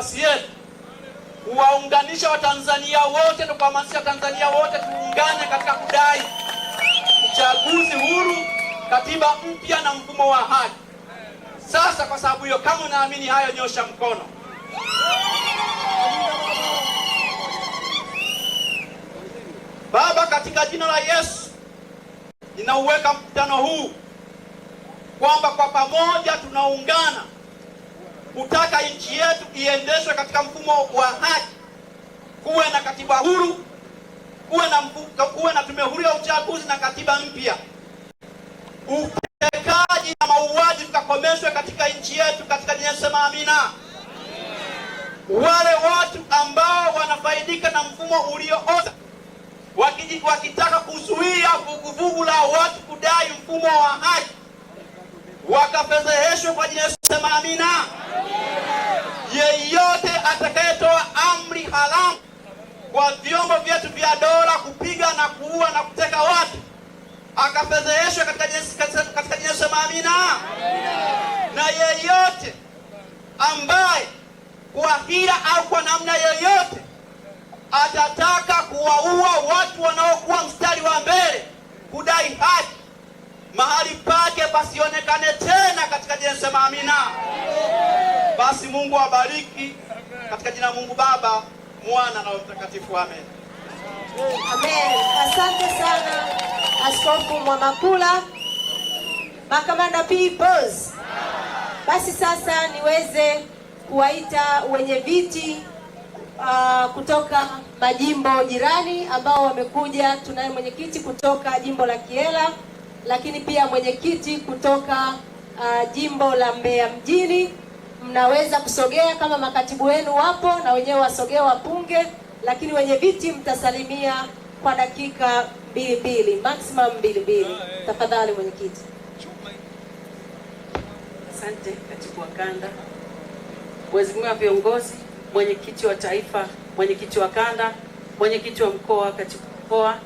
nafasi yetu kuwaunganisha Watanzania wote na kuhamasisha Tanzania wote tuungane katika kudai uchaguzi huru, katiba mpya na mfumo wa haki. Sasa kwa sababu hiyo, kama unaamini hayo, nyosha mkono. Baba, katika jina la Yesu ninauweka mkutano huu kwamba kwa pamoja tunaungana kutaka nchi yetu iendeshwe katika mfumo wa haki, kuwe na katiba huru, kuwe na kuwe na tume huru ya uchaguzi na katiba mpya, utekaji na mauaji tukakomeshwe katika nchi yetu, katika jina sema amina. Wale watu ambao wanafaidika na mfumo ulioota wakitaka kuzuia vuguvugu la watu kudai mfumo wa haki wakafedheheshwe kwa jina sema amina yeyote atakayetoa amri haramu kwa vyombo vyetu vya dola kupiga na kuua na kuteka watu akafedheheshwa katika jina sema maamina, Na yeyote ambaye kwa hila au kwa namna yoyote atataka kuwaua watu wanaokuwa mstari wa mbele kudai haki, mahali pake pasionekane tena katika jinsi sema amina. Basi Mungu awabariki katika jina la Mungu Baba, Mwana na Mtakatifu. Amen. Amen. Asante sana Askofu Mwamakula. Makamanda peoples. Basi sasa niweze kuwaita wenye viti uh, kutoka majimbo jirani ambao wamekuja. Tunaye mwenyekiti kutoka jimbo la Kiela, lakini pia mwenyekiti kutoka uh, jimbo la Mbeya mjini mnaweza kusogea kama makatibu wenu wapo na wenyewe wasogee wapunge, lakini wenye viti mtasalimia kwa dakika mbili mbili, maximum mbili mbili. Tafadhali mwenyekiti. Asante katibu wa kanda, waheshimiwa viongozi, mwenyekiti wa taifa, mwenyekiti wa kanda, mwenyekiti wa mkoa, katibu mkoa